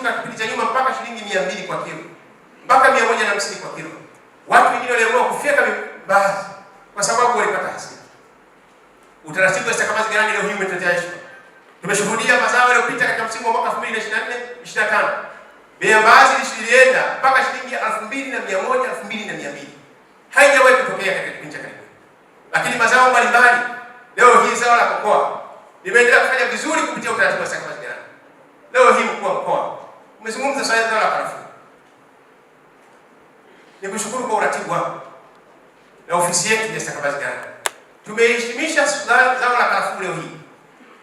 ilishuka kipindi cha nyuma mpaka shilingi mia mbili kwa kilo mpaka mia moja na hamsini kwa kilo. Watu wengine waliamua kufyeka baadhi kwa sababu walipata hasira. Utaratibu wa stakabadhi ghalani leo hii umeteteshwa. Tumeshuhudia mazao yaliyopita katika msimu wa mwaka 2024 25. Bei ya mbaazi ilienda mpaka shilingi 2100 2200. Haijawahi kutokea katika kipindi cha karibuni. Lakini mazao mbalimbali leo hii zao la kokoa limeendelea kufanya vizuri kupitia utaratibu wa stakabadhi. Nizungumze swala zima la karafuu. Nikushukuru kwa uratibu wako na ofisi yetu ya stakabadhi gani. Tumeheshimisha zao la kafu leo hii.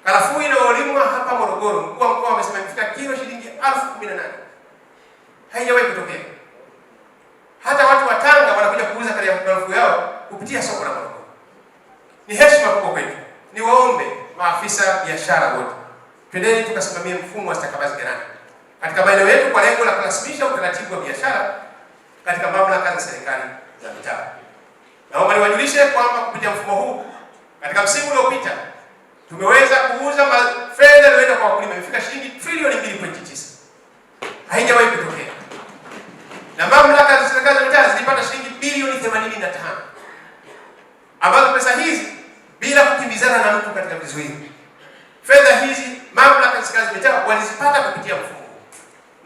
Karafuu inayolimwa hapa Morogoro, mkuu wa mkoa amesema imefika kilo shilingi 1018. Haijawahi kutokea. Hata watu wa Tanga wanakuja kuuza kafu yao kupitia soko la Morogoro. Ni heshima kubwa kwetu. Niwaombe maafisa biashara wote, twendeni tukasimamie mfumo wa stakabadhi ghala katika maeneo yetu kwa lengo la kurasimisha utaratibu wa biashara katika mamlaka za serikali za mitaa. Naomba niwajulishe kwamba kupitia mfumo huu katika msimu uliopita tumeweza kuuza fedha iliyoenda kwa wakulima imefika shilingi trilioni 2.9. Haijawahi kutokea. Na mamlaka za serikali za mitaa zilipata shilingi bilioni 85 ambazo pesa hizi bila kukimbizana na mtu katika vizuizi. Fedha hizi mamlaka za serikali za mitaa walizipata kupitia mfumo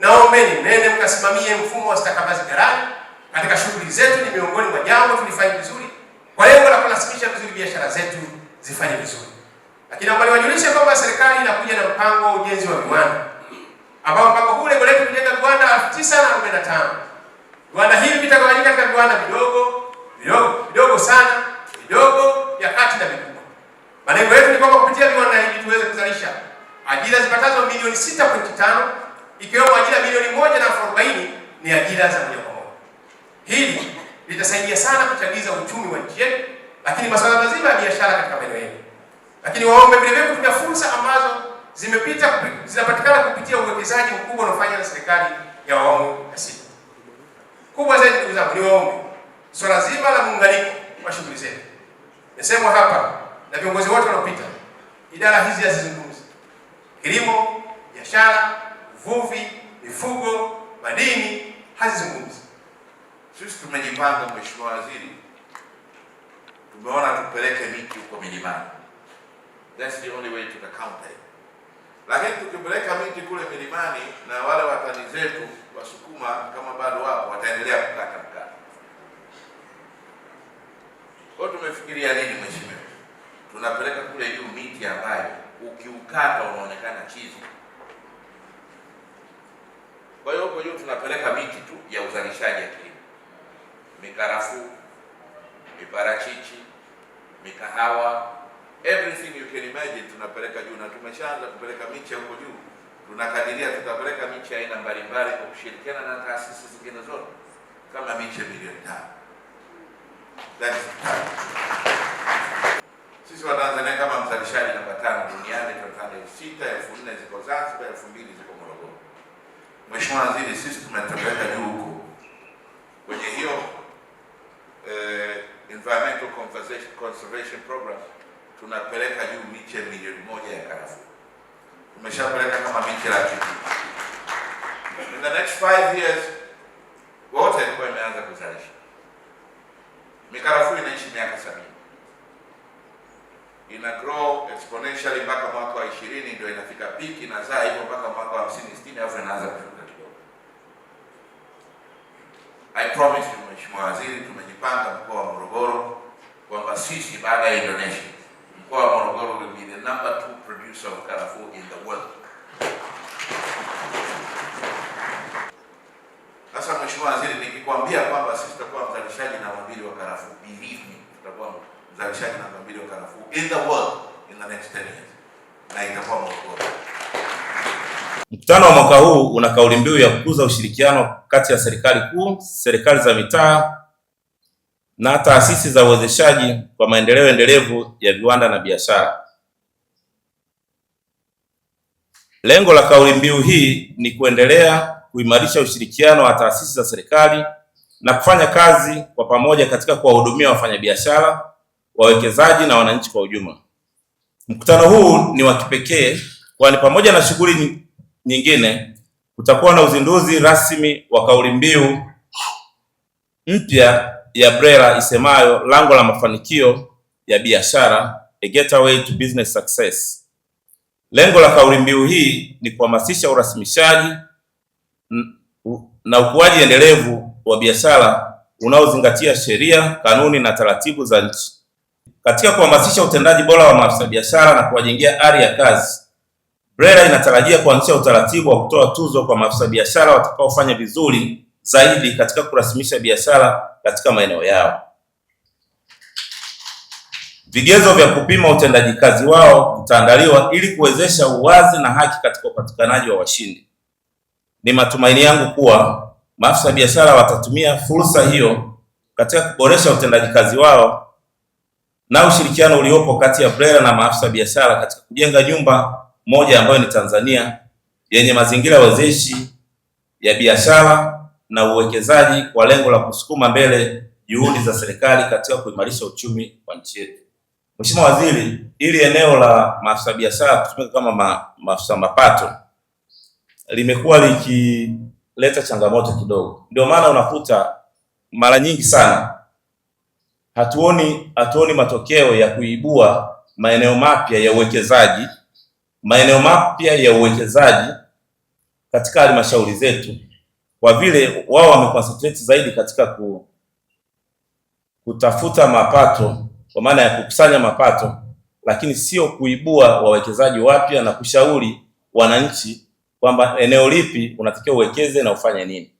Naombeni nende mkasimamie mfumo wa stakabadhi ghalani katika shughuli zetu, ni miongoni mwa jambo tulifanya vizuri kwa lengo la kurasimisha vizuri biashara zetu zifanye vizuri. Lakini ambao niwajulishe kwamba serikali inakuja na mpango wa ujenzi wa viwanda ambao mpango huu lengo letu kujenga viwanda 1945. Viwanda hivi vitagawanyika katika viwanda vidogo, vidogo, vidogo sana, vidogo, vya kati na vikubwa. Malengo yetu ni kwamba kupitia viwanda hivi tuweze kuzalisha ajira zipatazo milioni 6.5 ikiwemo ajira milioni moja na elfu arobaini ni ajira za moja kwa moja. Hili litasaidia sana kuchagiza uchumi wa nchi yetu, lakini masuala mazima ya biashara katika maeneo yetu. Lakini waombe vile vile kutumia fursa ambazo zimepita zinapatikana kupitia uwekezaji mkubwa unaofanywa na serikali ya awamu ya sita. Kubwa zaidi, ndugu zangu, ni waombe swala so zima la muunganiko wa shughuli zetu. Nasemwa hapa na viongozi wote wanaopita, idara hizi hazizungumzi kilimo, biashara uvuvi, mifugo, madini hazizungumzi. Sisi tumejipanga, Mheshimiwa Waziri, tumeona tupeleke miti huko milimani, that's the only way to counter Lakini tukipeleka miti kule milimani, na wale watani zetu Wasukuma kama bado wapo, wataendelea kukata mkata. Kwa tumefikiria nini, Mheshimiwa? Tunapeleka kule juu miti ambayo ukiukata unaonekana chizi mahitaji ya kilimo: mikarafuu, miparachichi, mikahawa, everything you can imagine tunapeleka juu, na tumeshaanza kupeleka miche huko juu. Tunakadiria tutapeleka miche aina mbalimbali kwa kushirikiana na taasisi zingine zote kama miche milioni tano. That is sisi Watanzania kama mzalishaji namba tano duniani, Tanzania elfu sita elfu nne ziko Zanzibar, elfu mbili ziko Morogoro. Mheshimiwa Waziri, sisi tumetembeka juu huko conservation program tunapeleka juu miche milioni moja ya karafuu. Tumeshapeleka kama miche laki in the next five years wote ilikuwa imeanza kuzalisha mikarafuu. Inaishi miaka sabini, ina grow exponentially mpaka mwaka wa ishirini ndio inafika peak, inazaa hivyo mpaka mwaka wa hamsini sitini, alafu inaanza kushuka kidogo. I promise you Mheshimiwa Waziri, tumejipanga mkoa wa Morogoro kwamba sisi baada ya Indonesia mkoa wa Morogoro will be the number two producer of karafuu in the world. Sasa Mheshimiwa Waziri, nikikwambia kwamba sisi tutakuwa mzalishaji na mbili wa karafuu, believe me, tutakuwa mzalishaji na mbili wa karafuu in the world in the next 10 years na itakuwa Morogoro. Mkutano wa mwaka huu una kauli mbiu ya kukuza ushirikiano kati ya serikali kuu, serikali za mitaa na taasisi za uwezeshaji kwa maendeleo endelevu ya viwanda na biashara. Lengo la kauli mbiu hii ni kuendelea kuimarisha ushirikiano wa taasisi za serikali na kufanya kazi kwa pamoja katika kuwahudumia wafanyabiashara, wawekezaji na wananchi kwa ujumla. Mkutano huu ni wa kipekee kwani pamoja na shughuli nyingine kutakuwa na uzinduzi rasmi wa kauli mbiu mpya ya BRELA isemayo lango la mafanikio ya biashara, a gateway to business success. Lengo la kauli mbiu hii ni kuhamasisha urasimishaji na ukuaji endelevu wa biashara unaozingatia sheria, kanuni na taratibu za nchi. Katika kuhamasisha utendaji bora wa maafisa biashara na kuwajengea ari ya kazi, BRELA inatarajia kuanzisha utaratibu wa kutoa tuzo kwa maafisa biashara watakaofanya vizuri zaidi katika kurasimisha biashara katika maeneo yao. Vigezo vya kupima utendaji kazi wao vitaandaliwa ili kuwezesha uwazi na haki katika upatikanaji wa washindi. Ni matumaini yangu kuwa maafisa biashara watatumia fursa hiyo katika kuboresha utendaji kazi wao na ushirikiano uliopo kati ya BRELA na maafisa biashara katika kujenga nyumba moja ambayo ni Tanzania yenye mazingira wezeshi ya biashara na uwekezaji kwa lengo la kusukuma mbele juhudi za serikali katika kuimarisha uchumi wa nchi yetu. Mheshimiwa Waziri, ili eneo la maafisa biashara kutumika kama ma, maafisa mapato limekuwa likileta changamoto kidogo, ndio maana unakuta mara nyingi sana hatuoni hatuoni matokeo ya kuibua maeneo mapya ya uwekezaji maeneo mapya ya uwekezaji katika halmashauri zetu kwa vile wao wameconcentrate zaidi katika ku, kutafuta mapato kwa maana ya kukusanya mapato, lakini sio kuibua wawekezaji wapya na kushauri wananchi kwamba eneo lipi unatakiwa uwekeze na ufanye nini.